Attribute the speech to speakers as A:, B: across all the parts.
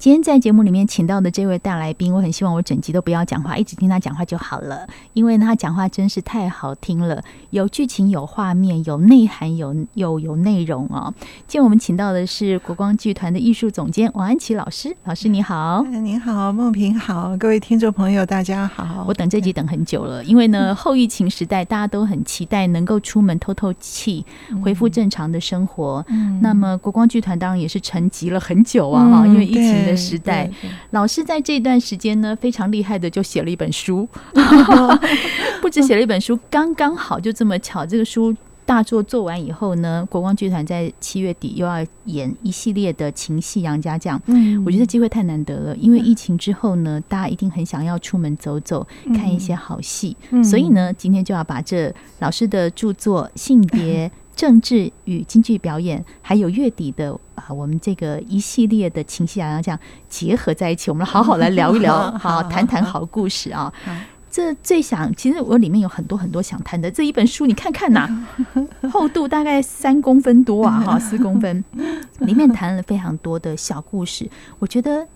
A: 今天在節目裡面請到的這位大來賓，我很希望我整集都不要講話，一直聽他講話就好了，因為呢，他講話真是太好聽了，有劇情、有畫面、有內涵有、有有有內容哦。今天我們請到的是國光劇團的藝術總監王安祈老師，老師你好，你好，孟平好，各位聽眾朋友大家好，我等這集等很久了，對因為呢，後疫情時代大家都很期待能夠出門透透氣，恢、嗯、復正常的生活。嗯、那麼國光劇團當然也是沉寂了很久啊，嗯、因為疫情的。時代，嗯、老師在這段時間呢，非常厲害的，就寫了一本書， 不止寫了一本書，剛剛好就這麼巧，這個書大作做完以後呢，國光劇團在七月底又要演一系列的情戲《楊家將》。嗯，我覺得機會太難得了，因為疫情之後呢，大家一定很想要出門走走，看一些好戲。嗯、所以呢，今天就要把這老師的著作《性別、嗯、政治與京劇表演》，還有月底的，我們這個一系列的情緒啊，這樣結合在一起，我們好好來聊一聊，好、 啊、談談好故事啊。 這最想，其實我裡面有很多很多想談的。這一本書你看看吶、啊， 厚度大概三公分多啊，哈、啊，四公分，裡面談了非常多的小故事，我覺得。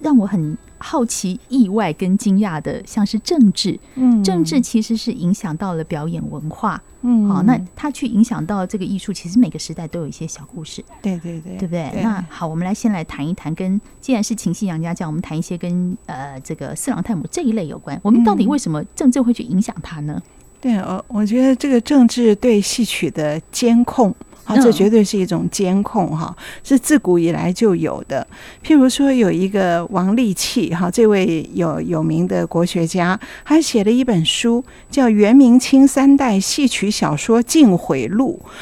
A: 讓我很好奇、意外跟驚訝的，像是政治。嗯，政治其實是影響到了表演文化。嗯，好、哦，那他去影響到這個藝術，其實每個時代都有一些小故事。對對對，對不對？對那好，我們來先來談一談跟，跟既然是京戲楊家將，我們談一些跟呃這個四郎探母這一類有關。我們到底為什麼政治會去影響他呢？
B: 對，呃，我覺得這個政治對戲曲的監控。哦、這絕對是一種監控哈、哦，是自古以來就有的。譬如說，有一個王利器哈，這位有有名的國學家，他寫了一本書叫《元明清三代戲曲小說禁毀錄》。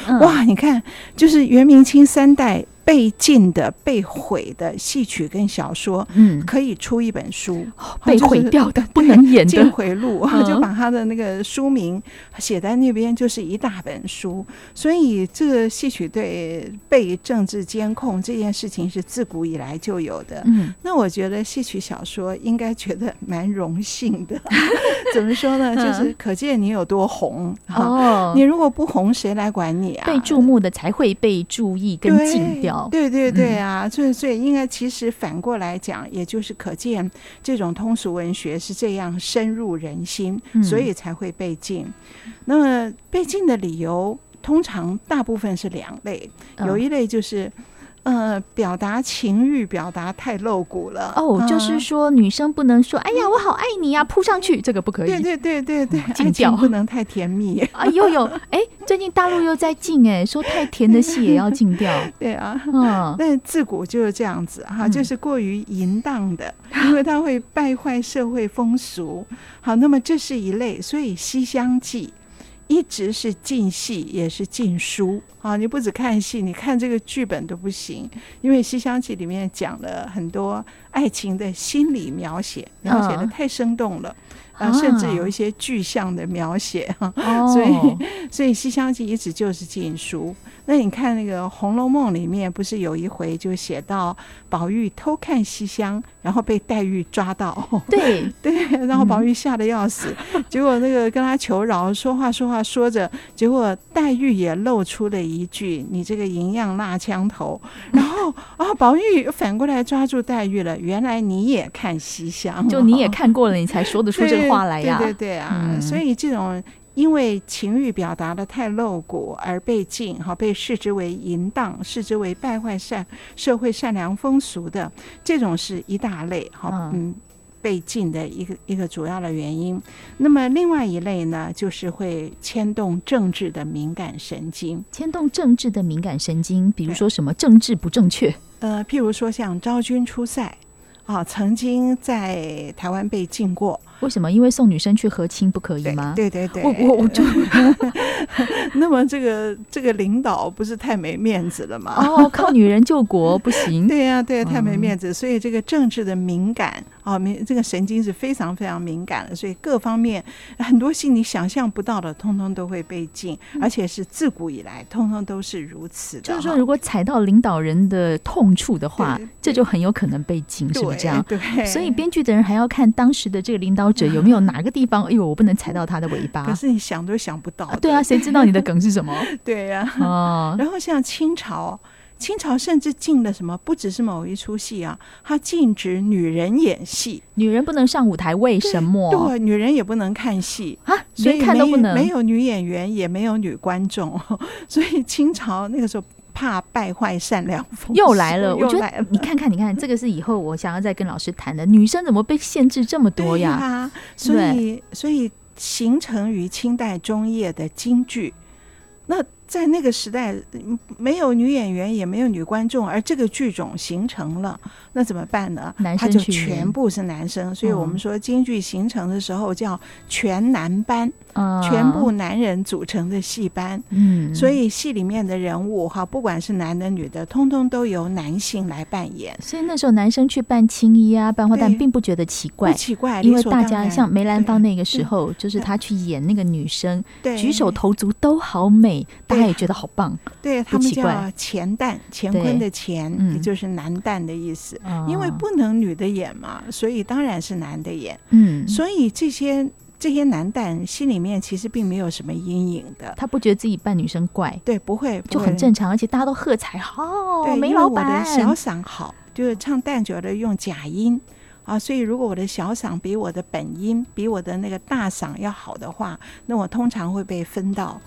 B: 嗯、哇，你看，就是元明清三代。被禁的、被毀的戲曲跟小說，嗯，可以出一本書。嗯就是、被毀掉的、對不能演的《禁回錄》嗯，就把他的那個書名寫在那邊，就是一大本書。所以，這個戲曲對被政治監控這件事情是自古以來就有的。嗯，那我覺得戲曲小說應該覺得蠻榮幸的。嗯、怎麼說呢？就是可見你有多紅。嗯啊、哦，你如果不紅，誰來管你啊？被注目的才會被注意跟禁掉。對對對啊，所以所以應該其實反過來講，也就是可見這種通俗文學是這樣深入人心，所以才會被禁。那麼被禁的理由通常大部分是兩類，有一類就是。呃，表達情慾表達太露骨了哦，oh, 就是說女生不能說“啊、哎呀，我好
A: 愛你呀、啊”，撲、嗯、上去這個不可以。對對對對對，嗯、禁愛情，不能太甜蜜。啊、 哎，又有哎，最近大陸又在禁哎、欸，說太甜的戲也要禁掉。 對啊，嗯，但是
B: 自古就是這樣子哈、啊，就是過於淫蕩的，嗯、因為它會敗壞社會風俗。好，那麼這是一類，所以西《西廂記》。一直是禁戲，也是禁書啊！你不只看戲，你看這個劇本都不行，因為《西廂記》裡面講了很多愛情的心理描寫，描寫的太生動了、uh. 啊，甚至有一些具象的描寫哈，啊 uh. 所以，所以《西廂記》一直就是禁書。那你看那個《紅樓夢》裡面，不是有一回就寫到寶玉偷看西廂，然後被黛玉抓到，對 對，然後寶玉嚇得要死，嗯、結果那個跟他求饒， 說話說話說着，結果黛玉也露出了一句“你這個銀樣蠟槍頭”，然後啊，寶玉反過來抓住黛玉了，原來你也看西廂，就你也看過了，你才說得出這個話來呀，對對，對對啊，嗯、所以這種。因為情慾表達的太露骨而被禁，哈，被視之為淫蕩，視之為敗壞善社會善良風俗的，這種是一大類，哈，嗯，被禁的一個、嗯、一個主要的原因。那麼另外一類呢，就是會牽動政治的
A: 敏感神經，牽動政治的敏感神經，比如說什麼政治不正確，
B: 呃，譬如說像《昭君出塞》，啊，曾經在
A: 台灣被禁過。為什麼？因為送女生去和親不可以嗎？對對對，對，我我就
B: 那麼這個這個領
A: 導不是太沒面子了嗎？ 哦，
B: 靠女人救國不行。對呀、啊，對呀、啊，嗯、太沒面子。所以這個政治的敏感啊，敏、哦、這個神經是非常非常敏感的。所以各方面很多戲你想象不到的，通通都會被禁，而且是自古以來通通都是如此的。嗯、就是說，如
A: 果踩到領導人的痛處的話，對對對，這就很有可能被禁，是不是這樣？對，對。所以編劇的人還要看當時的這個領導。有沒有哪個地方？哎呦、啊，為我不能踩到他的尾巴。可是你想都想不到、啊。對啊，誰知道你的梗是什麼？
B: 對呀。啊。啊然後像清朝，
A: 清朝甚至禁了什麼？
B: 不只是某一出戲啊，他禁止女人演戲，女人不能上舞台，為什麼？對，對、啊，女人也不能看戲啊，所以沒，連看都不能沒有女演員，也沒有女
A: 觀眾，所以清朝那個時候。怕敗壞善良，又來了。來了我覺得你看看，你看 這個是以後我想要再跟老師談的。女生怎麼被限制這麼多呀？啊、
B: 所以對所以
A: 形成於清代中葉的京劇，
B: 那。在那個時代，沒有女演員，也沒有女觀眾，而這個劇種形成了，那怎麼辦呢？他就全部是男生，所以我們說京劇形成的時候叫全男班，全部男人組成的戲班。嗯，所以戲裡面的人物哈，不管是男的女的，通通都由男性
A: 來扮演。所以那時候男生去扮青衣啊，扮花旦並不覺得奇怪，不奇怪，因為大家像梅蘭芳那個時候，就是他去演那個女生，舉手投足都好美。他也覺得好棒，
B: 對他們叫“乾旦”，乾坤的乾“乾對”也就是男旦的意思。嗯、因為不能女的演嘛，所以當然是男的演。嗯，所以這些這些男旦心裡面其實並沒有什麼陰影的。他不覺得自己扮女生怪？對，不會，不會就很正常，而且大家都喝彩。
A: 好、哦，梅對老板我的小
B: 嗓好，就是唱旦角的用假音啊。所以如果我的小嗓比我的本音、比我的那個大嗓要好的話，那我通常會被分到。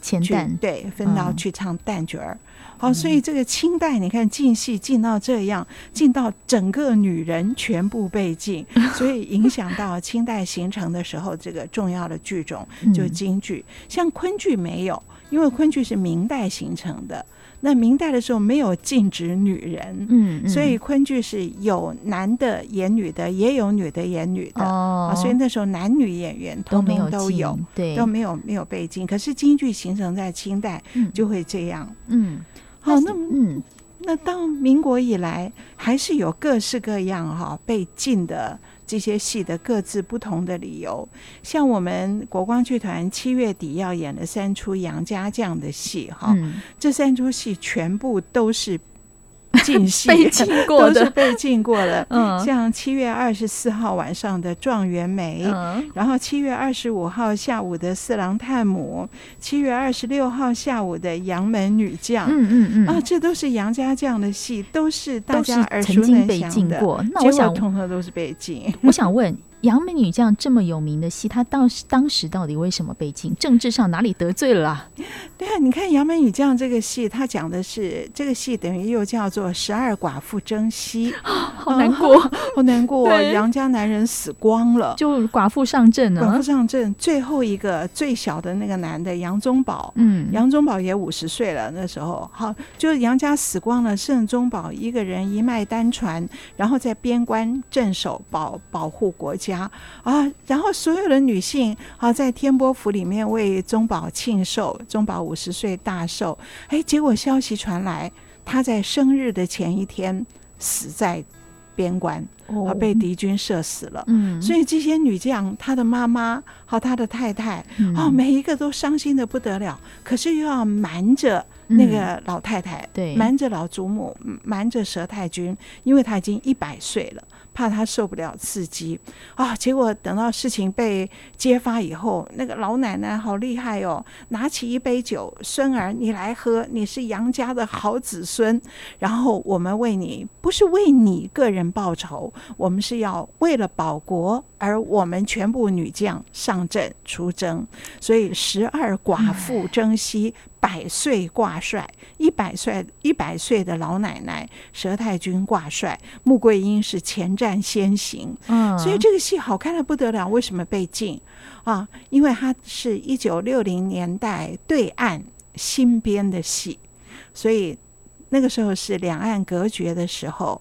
B: 清對，分到去唱旦角兒。嗯、好，所以這個清代你看禁戲，禁到這樣，禁到整個女人全部被禁，所以影響到清代形成的時候，這個重要的劇種就是京劇，嗯、像昆劇沒有，因為昆劇是明代形成的。那明代的時候沒有禁止女人，嗯，嗯，所以昆劇是有男的演女的，也有女的演女的，哦、啊，所以那時候男女演員通通都，都沒有都有，對，都沒有沒有被禁。可是京劇形成在清代就會這樣，嗯，嗯，好，那麼嗯，那到民國以來還是有各式各樣哈被禁的。這些戲的各自不同的理由，像我們國光劇團七月底要演的三齣楊家將的戲，哈、嗯，這三齣戲全部都是。 禁戲過， 都是被禁過了。 嗯，像七月二十四號晚上的《狀元媒》，嗯、然後七月二十五號下午的《四郎探母》，七月二十六號下午的《楊門女將》。嗯嗯嗯，啊，這都是楊家將的戲，都是大家耳熟能詳的都是曾經被禁過。
A: 那我想問。嗯楊門女將這麼有名的戲，她到當，當時到底為什麼被禁？政治上哪裡得罪了，啊？對啊，你看《楊門女將》這個戲，她講的是這個戲等於又叫做《十二
B: 寡婦征西》哦，好難過，哦，好難過，對楊家男人死光了，就
A: 寡婦上陣了，啊。寡婦
B: 上陣，最後一個最小的那個男的楊宗保，嗯，楊宗保，嗯，也五十歲了那時候，好，就是楊家死光了，剩宗保一個人一脈單傳，然後在邊關鎮守保保護國家。啊，然後所有的女性啊，在天波府裡面為宗寶慶壽，宗寶五十歲大壽。哎，結果消息傳來，她在生日的前一天死在邊關，哦、啊，被敵軍射死了。哦、嗯，所以這些女將，她的媽媽和、啊、她的太太哦、啊，每一個都傷心得不得了。可是又要瞞着那個老太太，嗯、對，瞞着老祖母，瞞着佘太君，因為她已經一百歲了。怕他受不了刺激啊！結果等到事情被揭發以後，那個老奶奶好厲害哦，拿起一杯酒，孫兒你來喝，你是楊家的好子孫。然後我們為你不是為你個人報仇，我們是要為了保國，而我們全部女將上陣出征，所以十二寡婦征西。嗯百歲掛帥，一百歲一百歲的老奶奶佘太君掛帥，穆桂英是前戰先行，嗯啊、所以這個戲好看的不得了。為什麼被禁啊？因為它是一九六零年代對岸新編的戲，所以那個時候是兩岸隔絕的時候，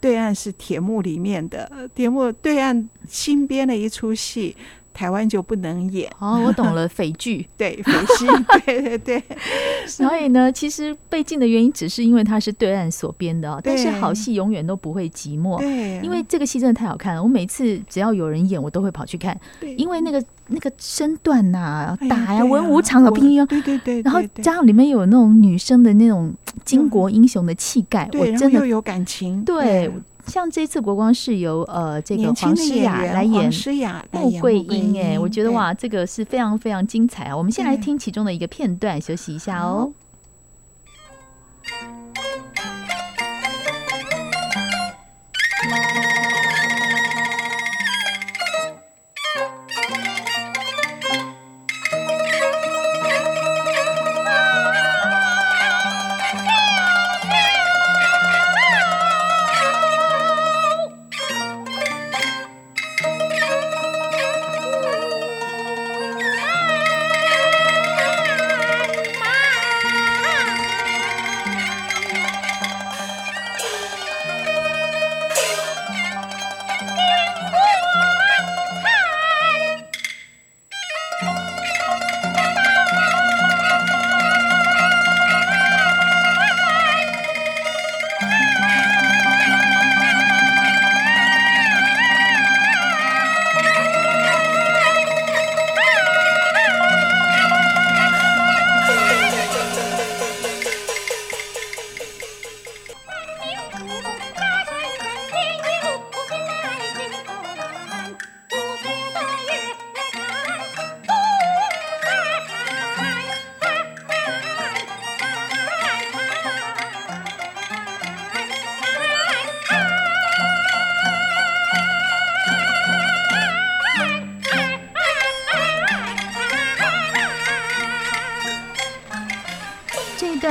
B: 對岸是鐵幕裡面的鐵幕，對岸新編的一
A: 出戲。台灣就不能演哦，我懂了，匪劇對匪戲，對對對。所以呢，其實被禁的原因只是因為它是對岸所編的哦，但是好戲永遠都不會寂寞，對，因為這個戲真的太好看了，我每次只要有人演，我都會跑去看，對，因為那個那個身段吶、打呀、文武場的運用，對對對，然後加上裡面有那種女生的那種巾幗英雄的氣概，我真的有感情，對。像這次國光是由呃這個黃詩雅來演穆桂英哎、欸，我覺得對 哇，這個是非常非常精彩啊！我們先來聽其中的一個片段，對 休息一下哦。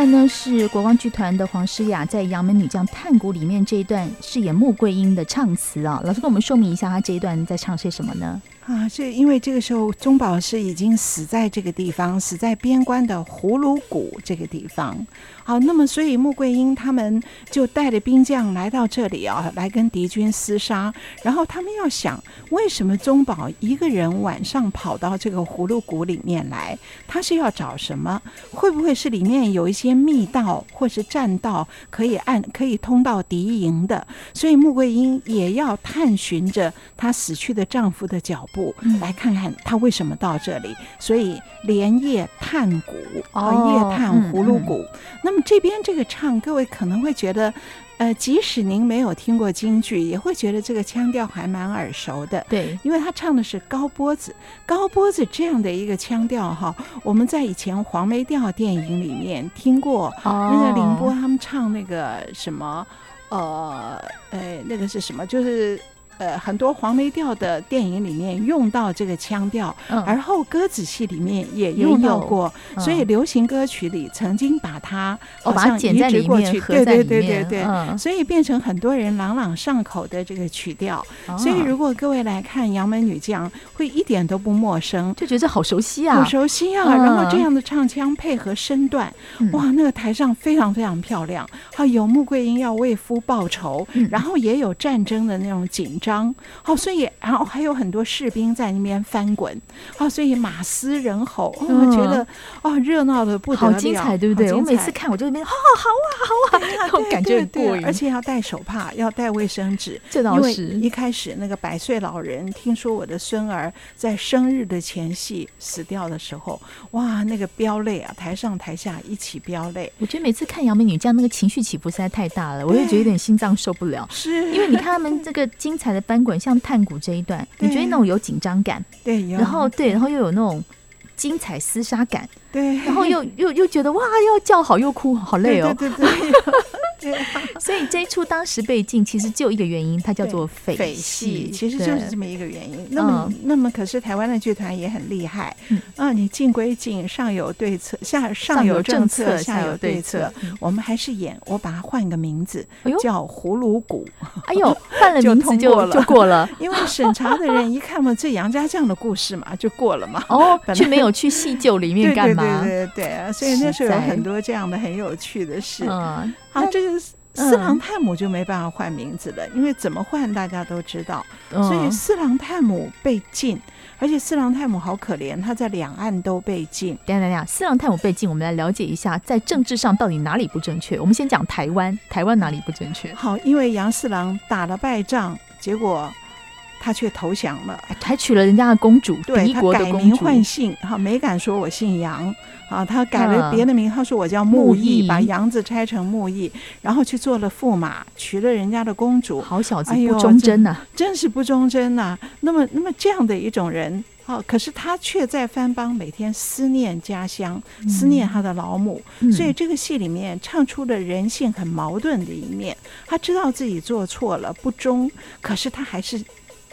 A: 呢是國光劇團的黃詩雅在《楊門女將探谷》裡面這一段飾演穆桂英的唱詞啊、哦，老師跟我們說明一下，她這一段在唱些什麼呢？
B: 啊，這因為這個時候宗保是已經死在這個地方，死在邊關的葫蘆谷這個地方。好，那麼所以穆桂英他們就帶着兵將來到這裡啊，來跟敵軍廝殺。然後他們要想，為什麼宗保一個人晚上跑到這個葫蘆谷裡面來？他是要找什麼？會不會是裡面有一些密道或是棧道可以按可以通到敵營的？所以穆桂英也要探尋着她死去的丈夫的腳步。嗯、來看看他為什麼到這裡，所以連夜探谷啊、哦呃，夜探葫蘆谷。嗯嗯、那麼這邊這個唱，各位可能會覺得，呃，即使您沒有聽過京劇，也會覺得這個腔調還蠻耳熟的。對，因為他唱的是高撥子、高撥子這樣的一個腔調哈。我們在以前黃梅調電影裡面聽過，哦、那個凌波他們唱那個什麼，呃，哎，那個是什麼？就是。呃，很多黃梅調的電影裡面用到這個腔調，嗯、而後歌仔戲裡面也用到過，嗯、所以流行歌曲裡曾經把它好像移植過去，哦、合對對對對對，嗯、所以變成很多人朗朗上口的這個曲調。嗯、所以如果各位來看《楊門女將》，會一點都不陌生，就覺得好熟悉啊，好熟悉啊。嗯、然後這樣的唱腔配合身段，嗯、哇，那個台上非常非常漂亮。啊，有穆桂英要為夫報仇，嗯、然後也有戰爭的那種緊張。哦，所以然後還有很多士兵在那邊翻滾啊、哦，所以馬嘶人吼、嗯哦，我覺得哦，熱鬧的不得了，好精彩，對不對？我每次
A: 看我就那個、哦，好好、啊、好啊好哇、啊，啊、感覺，對，對，而
B: 且要帶手帕，要帶衛生紙，這倒是。一開始那個百歲老人聽說我的孫兒在生日的前夕死掉的時候，哇，那個飆淚啊，台
A: 上台下一起飆淚。我覺得每次看楊美女這樣，那個情緒起伏實在太大了，對我也覺得有點心臟受不了，是因為你看他們這個精彩的。翻滾，像探母這一段，你覺得你那種有緊張感對啊，對，然後對，然後又有那種精彩廝殺感，對，然後又又又覺得哇，要叫好又哭，好累哦，對，對對對。 所以這一出當時被禁，其實就一個原因，它叫做“匪戲”，其實就是這麼一個原因。那麼，
B: 那麼可是台灣的劇團也很厲害啊！你禁歸禁，上有對策，下上有政策，下有對策。我們還是演，我把它換個名字，叫《葫蘆
A: 谷》。哎呦，換了名字就就過了，
B: 因為審查的人一看嘛，這楊家將的故事嘛，就過了嘛。哦，卻沒有去
A: 戲就裡面幹嘛？對對對，
B: 所以那時候有很多這樣的很有趣的事。啊，這個四郎探母就沒辦法換名字了，嗯、因為怎麼換大家都知道，嗯、所以四郎探母被
A: 禁，而且四郎探母好可憐，他在兩岸都被禁。等一下、等等，四郎探母被禁，我們來了解一下，在政治上到底哪裡不正確。我們先講台灣，台灣哪裡不正確？好，因為楊四郎打了敗仗，結果。他卻投降了，還、啊、娶了人家的公主。對他改名換
B: 姓，哈，沒敢說我姓楊啊，他改了別的名號，他、啊、說我叫木易，木易把楊字拆成木易，然後去做了駙馬，娶了人家的公主。好小子，不忠貞吶，真是不忠貞吶、啊。啊、那麼，那麼這樣的一種人啊，可是他卻在番邦每天思念家鄉，嗯、思念他的老母，嗯、所以這個戲裡面唱出了人性很矛盾的一面。他知道自己做錯了，不忠，可是他還是。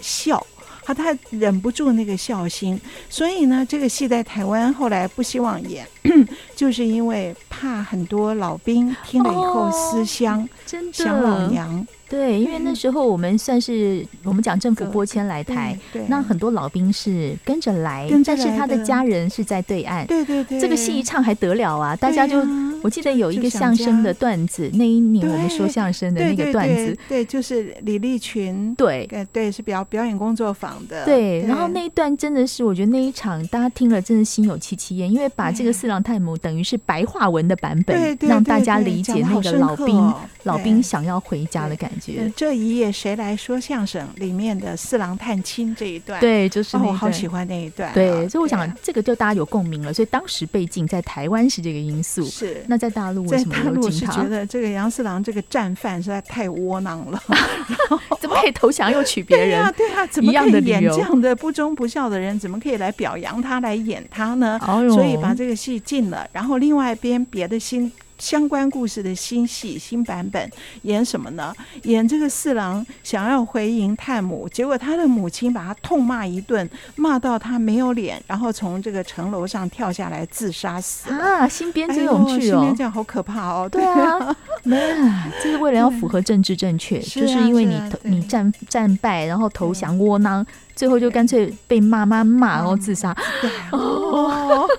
B: 孝，他他忍不住那個孝心，所以呢，這個戲在台灣後來不希望演，就
A: 是因為怕很多老兵聽了以後思鄉，哦、真想老娘。對，因為那時候我們算是我們講政府播遷來台，嗯，對對對，那很多老兵是跟着來，但是他的家人是在對岸。對對對，這個戲一唱還得了啊！大家就，啊，我記得有一個相聲的段子，那一年我們說相聲的那個段子對對
B: 對對，對，就是李立群，對，對，是表表演工作坊的。對，對然後
A: 那一段真的是，我覺得那一場大家聽了，真的心有戚戚焉，因為把這個四郎探母等於是白話文的版本，讓大家理解那個老兵老兵想要回家的感覺對對對。對對對《這
B: 一夜誰來說相聲》裡面的四郎探親這一段，對，就是、哦、我好喜歡那一段、啊。對，
A: 對，所以我想這個就大家有共鳴了。所以當時被禁在台灣是這個因素。是。
B: 那在大陸在大陸是覺得這個楊四郎這個戰犯實在太窩囊了， 然
A: 後 怎麼可以投降又娶別人？ 對啊，對啊，怎麼樣的演這樣
B: 的不忠不孝的人？怎麼可以來表揚他來演他呢？哎、呦所以把這個戲禁了。然後另外一邊別的心。相關故事的新戲新版本演什麼呢？演這個四郎想要回營探母，結果他的母親把他痛罵一頓，罵到他沒有臉，然後從這個城樓上跳下來自殺死了。啊，新編真有趣哦！哎、新編這樣好可怕哦。對啊，沒有、 啊，就
A: 是為了要符合政治正確，嗯、就是因為你、啊啊、你戰戰敗，然後投降窩囊，對最後就乾脆被媽媽罵，然後自殺。嗯、對哦。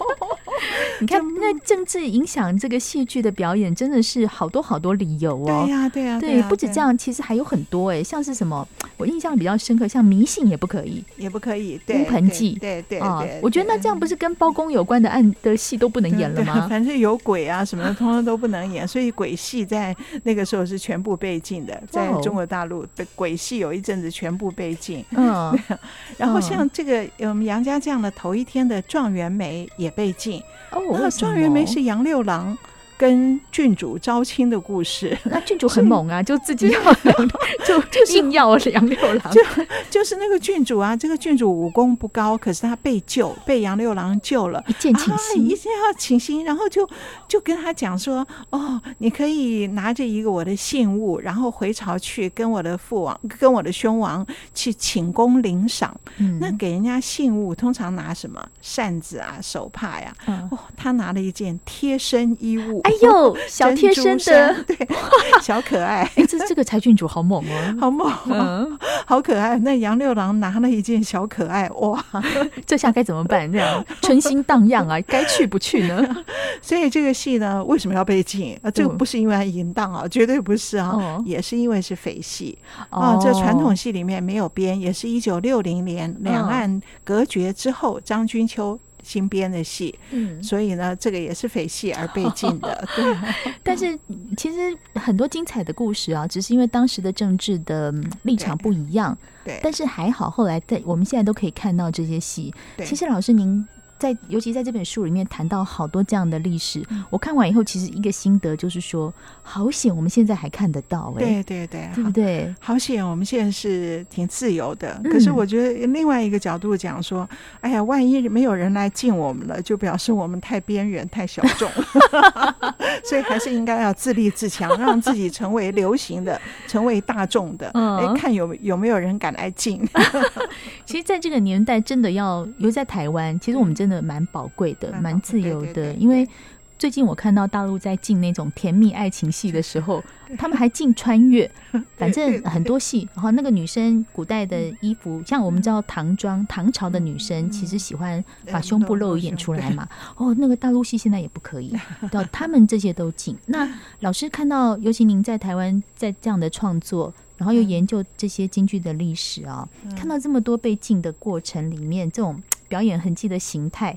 A: 你看那政治影響這個戲劇的表演真的是好多好多理由哦。對呀、
B: 啊，對呀、啊，對，不止這樣，
A: 啊、其實還有很多哎、欸，像是什麼，我印象比較深刻，像迷信也不可以，
B: 也不可以，對，烏盆記，對對啊，我
A: 覺得那這樣不是跟包公有關的案的戲都不能演了嗎？反
B: 正、啊、有鬼啊什麼的，通通都不能演，所以鬼戲在那個時候是全部被禁的，啊、在中國大陸的鬼戲有一陣子全部被禁。嗯， 然後像這個、嗯、我們楊家將的頭一天的狀元梅也被禁。哦。那狀元媒是楊六郎，跟郡主招親的故事，啊，那郡主很猛啊，就，就自己要，就是、就硬要是楊六郎，就就是那個郡主啊。這個郡主武功不高，可是他被救，被楊六郎救了。一見傾心，啊、一見要傾心，然後就就跟他講說：“哦，你可以拿着一個我的信物，然後回朝去跟我的父王、跟我的兄王去請功領賞。嗯”那給人家信物通常拿什麼？扇子啊，手帕呀、啊。嗯、哦，他拿了一件貼身衣物。哎呦，小貼身的，對，哇小可愛。這、欸、這個柴郡主
A: 好猛哦，
B: 好猛，哦，嗯、好可愛。那楊六郎拿了一件小可愛，哇，這下該怎麼辦？這樣春心蕩漾啊， 該去不去呢？所以這個戲呢，為什麼要被禁？啊，這個不是因為淫蕩啊，絕對不是啊，嗯、也是因為是匪戲啊。哦、這傳統戲裡面沒有編，也是一九六零年兩岸隔絕之後，嗯、張君秋。新編的戲，嗯，所以呢，這個也是匪戲
A: 而被禁的。 對， 但是其實很多精彩的故事啊，只是因為當時的政治的立場不一樣。對，對，但是還好，後來在我們現在都可以看到這些戲。對，其實老師您。在尤其在這本書裡面談到好多這樣的歷史，我看完以後，其實一個心得就是說，好險我們現在還看得到、欸，哎，
B: 對對對，對，對，好，好險我們現在是挺自由的。嗯、可是我覺
A: 得另外一個角度
B: 講說，哎呀，萬一沒有人來禁我們了，就表示我們太邊緣、太小眾， 所以還是應該要自立自強，讓自己成為流行的， 成
A: 為大眾的。嗯，哎，看有有沒有人敢來禁。 其實，在這個年代，真的要，尤其在台灣，其實我們真。的蠻寶貴的，蠻自由的。Oh, okay, okay, okay, okay. 因為最近我看到大陸在禁那種甜蜜愛情戲的時候，他 們還禁穿越，反正很多戲。 然後那個女生古代的衣服，嗯、像我們知道唐裝，唐朝、嗯、的女生其實喜歡把胸部露一點出來嘛。哦，那個大陸戲現在也不可以，到他、 啊、們這些都禁。那老師看到，尤其您在台灣在這樣的創作，然後又研究這些京劇的歷史啊、哦，嗯嗯、看到這麼多被禁的過程裡面，這種。表演痕跡的形態，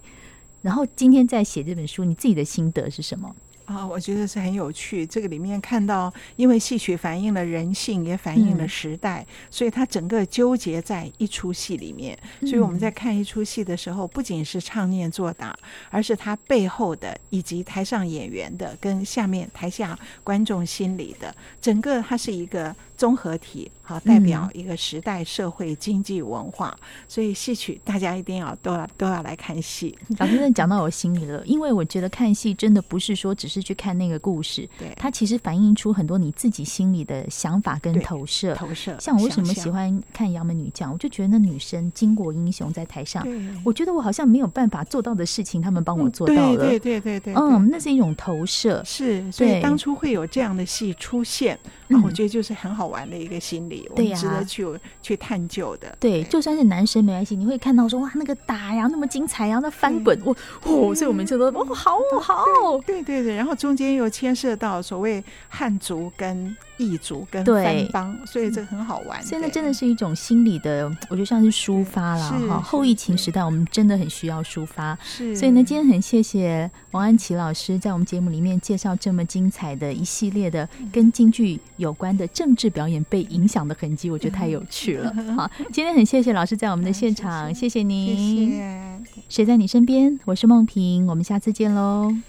A: 然後今天在寫這本書，你自己的心得是什麼？
B: 啊，我覺得是很有趣。這個裡面看到，因為戲曲反映了人性，也反映了時代，嗯、所以它整個糾結在一齣戲裡面。所以我們在看一齣戲的時候，不僅是唱念做打，而是它背後的以及台上演員的跟下面台下觀眾心理的，整個它是一個。綜合體，好、呃、代表一個時代、社會、經濟、文化，嗯、所以戲曲大
A: 家一定要都要都要來看戲。老師真的，講到我心裡了，因為我覺得看戲真的不是說只是去看那個故事，對，它其實反映出很多你自己心裡的想法跟投射。投射，像我為什麼喜歡看《楊門女將》，像我就覺得那女生巾幗英雄在台上，對我覺得我好像沒有辦法做到的事情，他們幫我做到了。嗯、對，對
B: 對對對對，嗯，那是
A: 一種投射。是，
B: 所以當初會有這樣的戲出現，我覺得就是很好。玩的一個心理，對啊、我們值得去去探究的。對，
A: 對就算是男生沒關係，你會看到說哇，那個打呀那麼精彩然後那翻滾，我，哇，所以我們就說哦，好好。
B: 對對對，然後中間又牽涉到所謂漢族跟。地主跟三方，對所以這很好玩。現在真
A: 的是一種心理的，對我覺得像是抒發了哈。後疫情時代，我們真的很需要抒發。對是，所以呢，今天很謝謝王安祈老師在我們節目裡面介紹這麼精彩的一系列的跟京劇有關的政治表演被影響的痕跡，我覺得太有趣了。好，今天很謝謝老師在我們的現場，啊、謝，謝，謝謝您。謝謝。誰在你身邊？我是夢萍，我們下次見嘍。